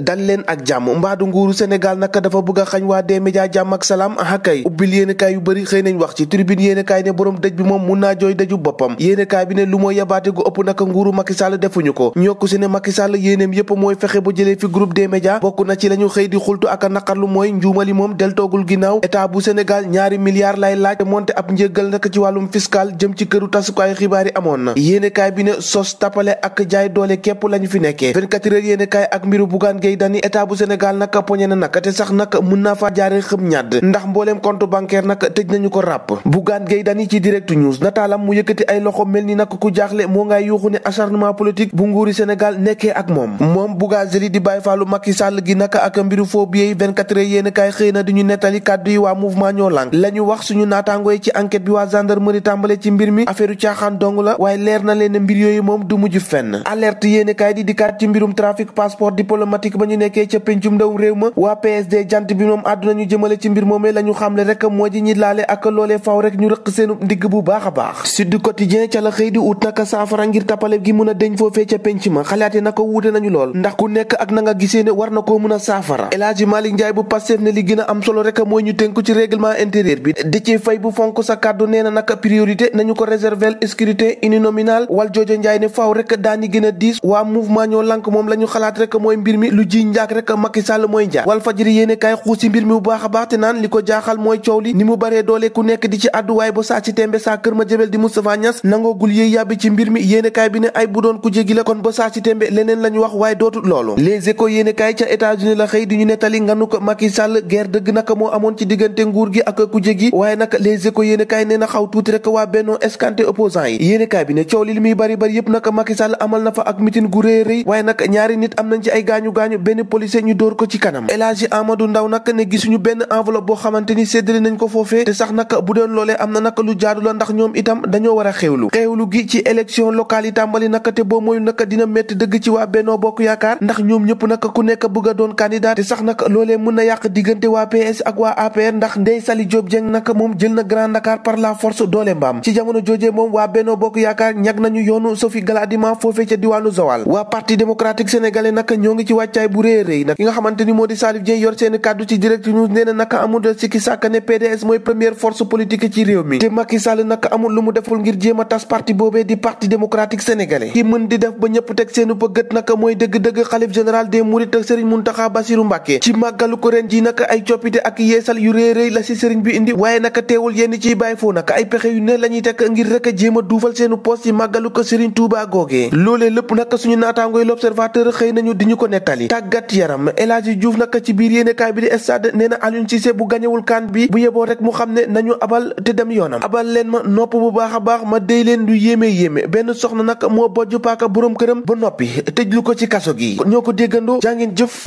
dal leen ak jàmm mbaadu nguuru Sénégal naka dafa bëgg xañ waa D-Média jàmm ak salaam ahakay ubbil yéenekaay yu bëri xëy nañ wax ci tribune yéenekaay ne borom bi moom mun naa jooy dëju boppam yéenekaay bi ne lu moo yabaate gu ëpp naka nguuru Macky Sall defuñu ko ñu yokk si ne Macky Sall mooy fexe ba jëlee fi groupe D-Média bokk na ci la ñu xëy di xultu ak a naqarlu mooy njuumali moom del toogul ginnaaw état bu Sénégal ñaari milliards lay laaj te monte ab njëggal naka ci wàllum fiscal jëm ci këru tasukaay xibaar yi amoon na yéenekaay bi ne sos tapale ak jaay doole képp lañu fi nekkee 24 heures yéenekaay ak mbiru bugaan Gueye dani état bu Sénégal nag poñe na te sax nag mën naa faa jaare xëm ñàdd ndax mbooleem compte bancaire nag tëj nañu ko ràpp Bougane Gueye dani ci direct news nataalam mu yëkkati ay loxo mel ni nag ku jaaxle moo ngay yuuxu ne acharnement politique bu nguuri Sénégal nekkee ak moom moom Bougazelli di bàyyi faalu Macky Sall gi nag ak mbiru foobu yeey 24 heures na di ñu nettali kàddu yi waa mouvement ñoo lànk la ñu wax suñu naataangoo ci enquête bi ba ñu nekkee ca pencum ndaw réew ma waa PSD jant bi moom àdduna ñu jëmale ci mbir moom la ñu xamle rek moo ji ñi laale ak loolee rek ñu rëq seenu ndigg bu baax a baax Sud Quotidien ca la xëy di ut naka saafara ngir tappale gi mën a deñ foofee ca penc ma xalaate na ko wuute nañu lool ndax ku nekk ak na nga gisee ne war na koo mën a saafara El Hadji Malick Ndiaye bu Pastef ne li gën a am solo rek mooy ñu tënku ci règlement intérieur bi Déthié Faye bu fonk sa kàddu nee na naka priorité nañu ko réserver scrutin uninominal wal joojo Ndiaye ne faw rek daani gën a diis waa mouvement lank moom la ñu xalaat mooy mbir mi lu ji njaag rek Macky Sall mooy njaag wal fajiri yéene kaay mbir mi bu baax a baax te naan li ko jaaxal mooy coow li muy bari bari yépp naka Macky Sall amal na fa ak mitin gu rëy rëy waaye nag ñaari nit am nañ ci ay gaañu gaañu gaañu benn policier ñu dóor ko ci kanam El Amadou Ndaw nag ne gisuñu benn enveloppe boo xamante ni séddale nañ ko foofee te sax nag bu doon loolee am na nag lu jaadu la ndax ñoom itam dañoo war a xewlu xewlu gi ci élection locale yi tàmbali nag te boo moyul nag dina métti dëgg ci waa Benno Bokk Yaakaar ndax ñoom ñëpp nag ku nekk bëgg a doon candidat te sax nag loolee mën na yàq diggante waa PS ak waa APR ndax Ndeye Saly Diop Dieng nag moom jël na la force doole mbaam ci jamono jooje moom waa Benno Bokk Yaakaar ñag nañu yoonu Sophie Gladima foofee ca diwaanu Joal càccay bu réy réy nag ki ci a tas parti boobee di parti démocratique sénégalais ki mën di def ba ñëpp teg seenu bëggat naka mooy dëgg-dëgg xalif général des mourides ak Serigne Mountakha Bassirou ci màggalu ko ren ji naka ay coppite ak yeesal yu réy réy la ci sëriñ bi indi waaye naka teewul yenn ciy bàyyi foo naka ay pexe yu ne la ñuy tekk ngir rek a duufal seenu poste ci màggalu ko Serigne Touba googee loolee lépp naka suñu naataangoy l'observateur xëy nañu di ñu ko nettali di tàggat yaram El Hadji Diouf naka ci biir yéenekaay bi di stade nee na Aliou Cissé bu gañewul kan bi bu yeboo rek mu xam ne nañu abal te dem yoonam abal leen ma nopp bu baax a baax ma dey leen du yéeme yéeme benn soxna nag moo bojj paaka boroom këram ba noppi tëjlu ko ci kaso gi ñoo ko déggandoo jàngeen jëf